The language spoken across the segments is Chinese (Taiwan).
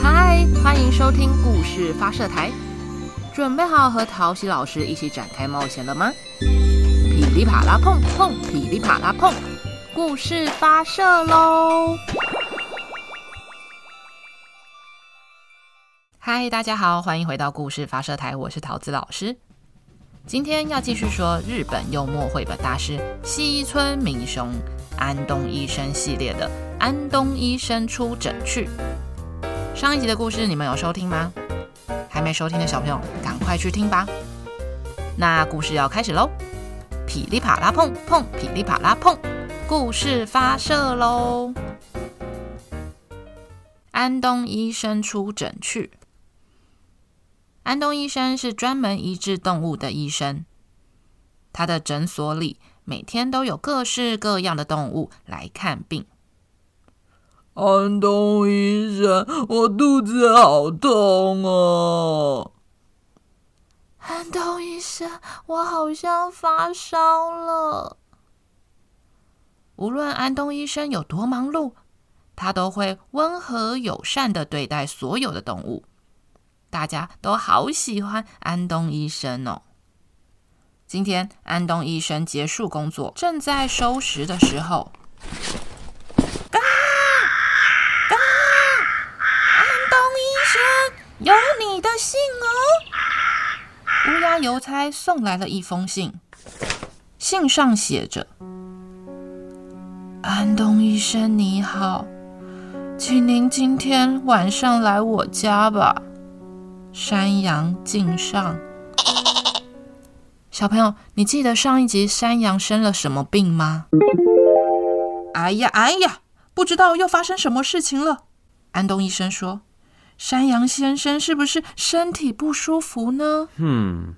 嗨，歡迎收聽故事發射台，準備好和陶喜老師一起展開冒險了嗎？噼里啪啦碰碰，噼里啪啦碰，故事發射嘍！嗨，大家好，歡迎回到故事發射台，我是桃子老師。今天要繼續說日本幽默繪本大師西村明雄《安東醫生》系列的《安東醫生出診去》。上一集的故事你們有收聽嗎？還沒收聽的小朋友，趕快去聽吧！那故事要開始嘍！噼里啪啦砰砰，噼里啪啦砰，故事發射嘍！安東醫生出診去。安東醫生是專門醫治動物的醫生，他的診所裡每天都有各式各樣的動物來看病。安東醫生，我肚子好痛哦！啊！安東醫生，我好像發燒了。無論安東醫生有多忙碌，他都會溫和友善地對待所有的動物。大家都好喜歡安東醫生哦。今天，安東醫生結束工作，正在收拾的時候。郵差送來了一封信，信上寫着：“安東醫生，你好，請您今天晚上來我家吧。”山羊敬上。小朋友，你記得上一集山羊生了什麼病嗎？哎呀，哎呀，不知道又發生什麼事情了。安東醫生說：“山羊先生是不是身體不舒服呢？”嗯。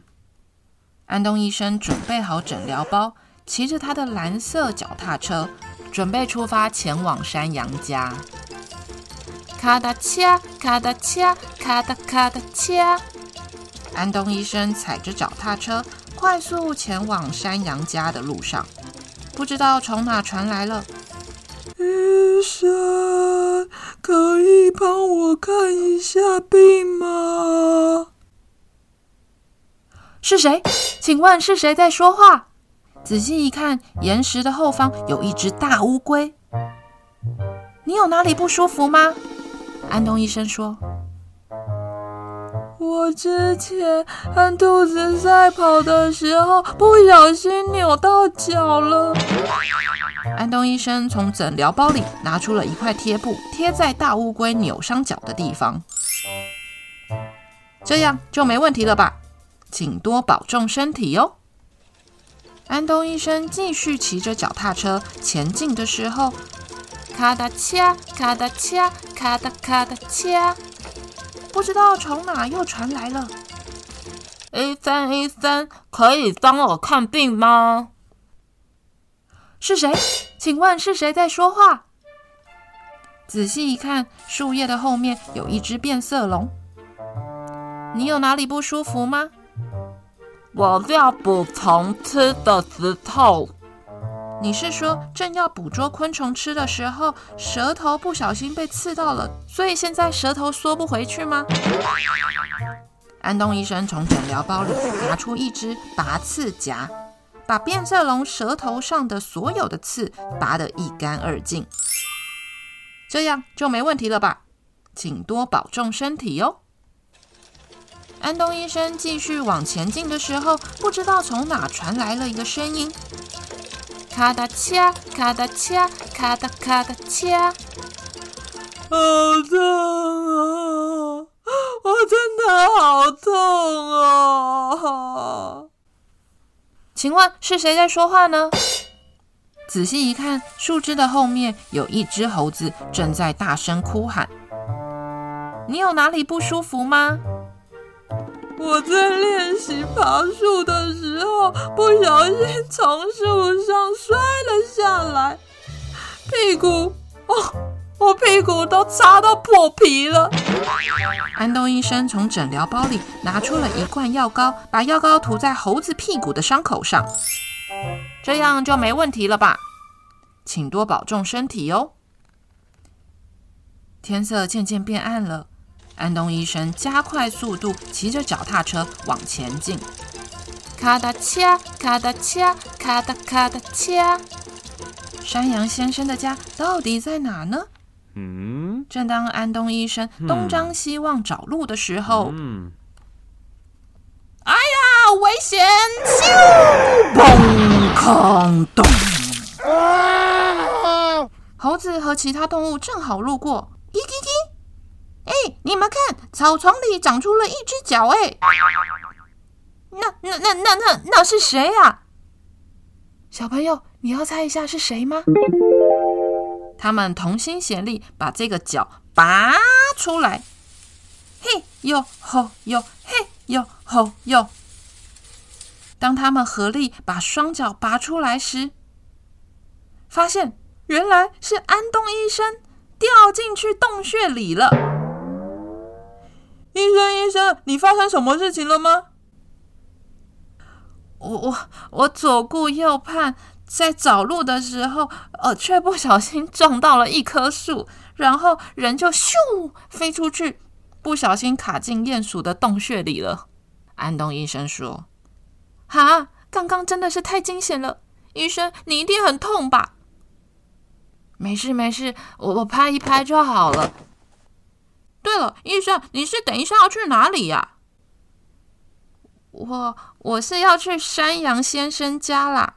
安東醫生準備好診療包，騎着他的藍色腳踏車，準備出發前往山羊家。咔噠切，咔噠切，咔噠咔噠切。安東醫生踩着腳踏車，快速前往山羊家的路上，不知道從哪傳來了。醫生，可以幫我看一下病嗎？是誰？請問是誰在說話？仔細一看，岩石的後方有一隻大烏龜。你有哪裡不舒服嗎？安東醫生說：“我之前和兔子賽跑的時候，不小心扭到腳了。”安東醫生從診療包裡拿出了一塊貼布，貼在大烏龜扭傷腳的地方。這樣就沒問題了吧？請多保重身體喲、哦。安東醫生繼續騎着腳踏車前進的時候，咔噠嚓、咔噠嚓、咔噠咔噠嚓，不知道從哪又傳來了。醫生，醫生，可以幫我看病嗎？是誰？請問是誰在說話？仔細一看，樹葉的後面有一隻變色龍。你有哪裡不舒服嗎？我要捕蟲吃的舌頭。你是說正要捕捉昆蟲吃的時候，舌頭不小心被刺到了，所以現在舌頭縮不回去嗎？ 安東醫生從診療包裡拿出一只拔刺夾，把變色龍舌頭上的所有的刺拔得一乾二淨。這樣就沒問題了吧？請多保重身體喲、哦。安東醫生繼續往前進的時候，不知道從哪傳來了一個聲音：“咔噠切，咔噠切，咔噠咔噠切。”好痛啊！我真的好痛啊！請問是誰在說話呢？ 仔細一看，樹枝的後面有一隻猴子正在大聲哭喊：“你有哪裡不舒服嗎？”我在練習爬樹的時候，不小心從樹上摔了下來，屁股，哦，我屁股都擦到破皮了。安東醫生從診療包裡拿出了一罐藥膏，把藥膏塗在猴子屁股的傷口上，這樣就沒問題了吧？請多保重身體哦。天色漸漸變暗了。安東醫生加快速度，騎着腳踏車往前進。咔噠切，咔噠切，咔噠咔噠切。山羊先生的家到底在哪呢？嗯。正當安東醫生東張西望找路的時候，嗯。哎呀，危險！咻！嘣！哐咚！啊！猴子和其他動物正好路過。哎、欸，你們看，草叢裡長出了一隻腳，哎，那、那、那、那、那，那是誰啊？小朋友，你要猜一下是誰嗎？他們同心協力把這個腳拔出來，嘿呦吼呦，嘿呦吼呦。當他們合力把雙腳拔出來時，發現原來是安東醫生掉進去洞穴裡了。醫生，醫生，你發生什麼事情了嗎？我我我，左顧右盼，在找路的時候，呃，卻不小心撞到了一棵樹，然後人就咻飛出去，不小心卡進鼴鼠的洞穴裡了。安東醫生說：“哈，剛剛真的是太驚險了。醫生，你一定很痛吧？”“沒事沒事，我我拍一拍就好了。”對了，醫生，你是等一下要去哪裡呀？啊？我我是要去山羊先生家啦。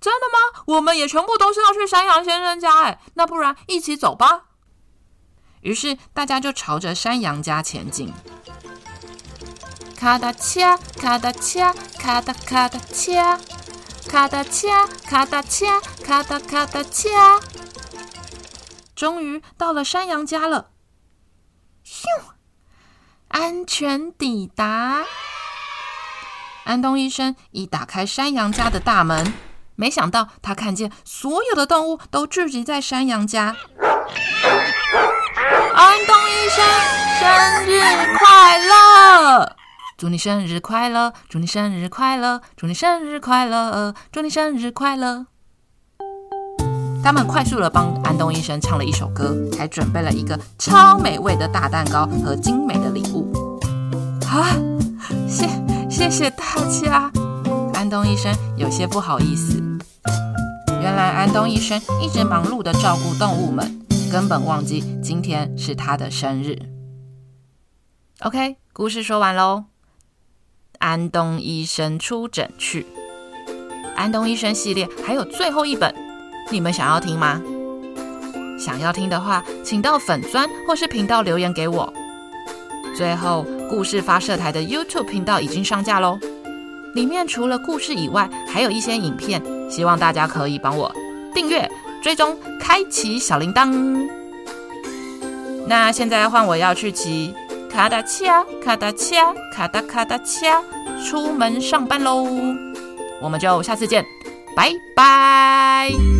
真的嗎？我們也全部都是要去山羊先生家哎，欸，那不然一起走吧。於是大家就朝着山羊家前進。咔噠切，咔噠切，咔噠咔噠切，咔噠切，咔噠切，咔噠咔噠切。終於到了山羊家了。安全抵達。安東醫生一打開山羊家的大門，沒想到他看見所有的動物都聚集在山羊家。安東醫生，生日快樂！祝你生日快樂！祝你生日快樂！祝你生日快樂！祝你生日快樂！他們快速的幫安東醫生唱了一首歌，還準備了一個超美味的大蛋糕和精美的禮物。啊，謝謝謝大家！安東醫生有些不好意思。原來安東醫生一直忙碌的照顧動物們，根本忘記今天是他的生日。OK，故事說完嘍。安東醫生出診去。安東醫生系列還有最後一本。你們想要聽嗎？想要聽的話，請到粉專或是頻道留言給我。最後，故事發射台的 YouTube 頻道已經上架嘍，裡面除了故事以外，還有一些影片，希望大家可以幫我訂閱、追蹤、開啟小鈴鐺。那現在換我要去騎卡達奇啊，卡達奇啊，卡達卡達奇啊，出門上班嘍！我們就下次見，拜拜。嗯